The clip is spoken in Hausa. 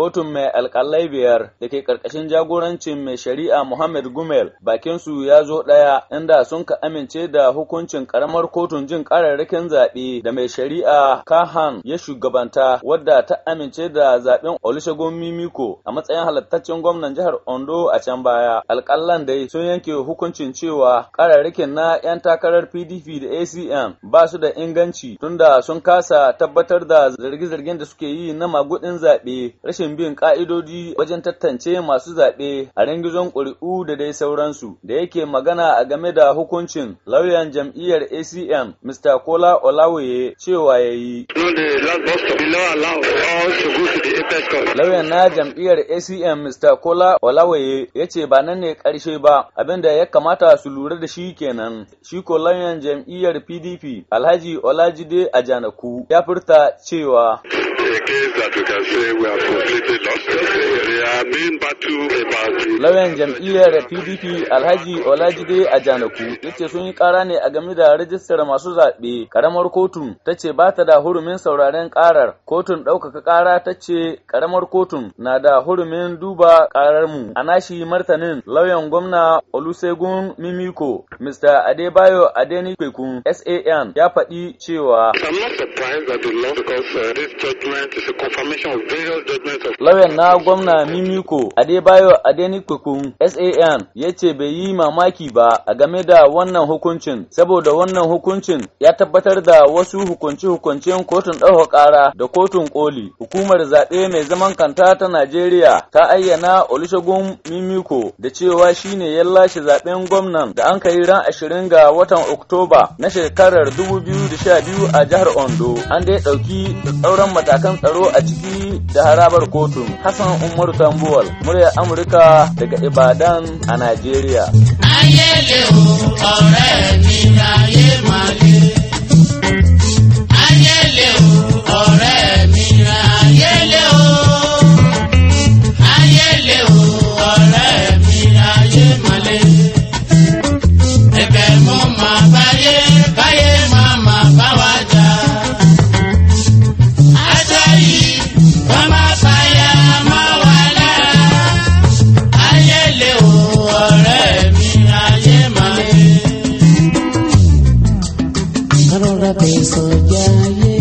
kotun mai alkalai biyar da ke karkashin jagorancin mai shari'a Muhammad Gumel bakin su ya zo ɗaya inda sun ka amince da hukuncin karamar kotun jin kararrakin zaɓe da mai shari'a Kahan ya shugabanta wadda ta amince da zaɓen Olusegun Mimiko a matsayin halattaccen gwamnan jihar Ondo a can baya. Alƙalan dai sun yanke hukuncin cewa kararrakin na 'yan takarar PDP da ACN ba su da inganci tunda sun kasa tabbatar da zargi-zargin da suke yi na magudin zaɓe rashin rashin bin ka'idodi wajen tattance masu zaɓe a rangizon ƙuri'u da dai sauransu da yake magana a game da hukuncin lauyan jam'iyyar acm mr kola olawoye cewa ya yi e lauyan na jam'iyyar acm mr kola olawoye ya ce ba nan ne ƙarshe ba abinda ya kamata su lura da shi kenan shi ko lauyan jam'iyyar pdp alhaji olajide ajanaku ya furta cewa Lauyan jam'iyyar PDP Alhaji Olajide a Janaku ya ce sun yi ƙara ne a game da rajistar masu zaɓe. Karamar kotun ta ce ba ta da hurumin sauraren ƙarar. Kotun ɗaukaka ƙara ta ce karamar kotun na da hurumin duba ƙarar mu. A nashi martanin lauyan gwamna Olusegun Mimiko, Mr. Adebayo Adeni Kwekun, SAN ya faɗi cewa. I'm not surprised that the law because uh, this judgment that is a confirmation of various judgments of Lauyan na gwamna Mimiko Adebayo Adenikwekun SAN ya ce bai yi mamaki ba a game da wannan hukuncin saboda wannan hukuncin ya tabbatar da wasu hukunce-hukuncen kotun ɗaukar ƙara da kotun ƙoli. Hukumar zaɓe mai zaman kanta ta Najeriya ta ayyana Olusegun Mimiko da cewa shine ya lashe zaɓen gwamnan da an kai ran ashirin ga watan Oktoba na shekarar 2012 a jihar Ondo. An dai ɗauki tsauran matakan tsaro a ciki da harabar kotun Hassan Umaru Tambuwal murya Amurka daga Ibadan a Najeriya. ayele o, ọ̀rẹ́ mi, ayé ma sọjà yeah.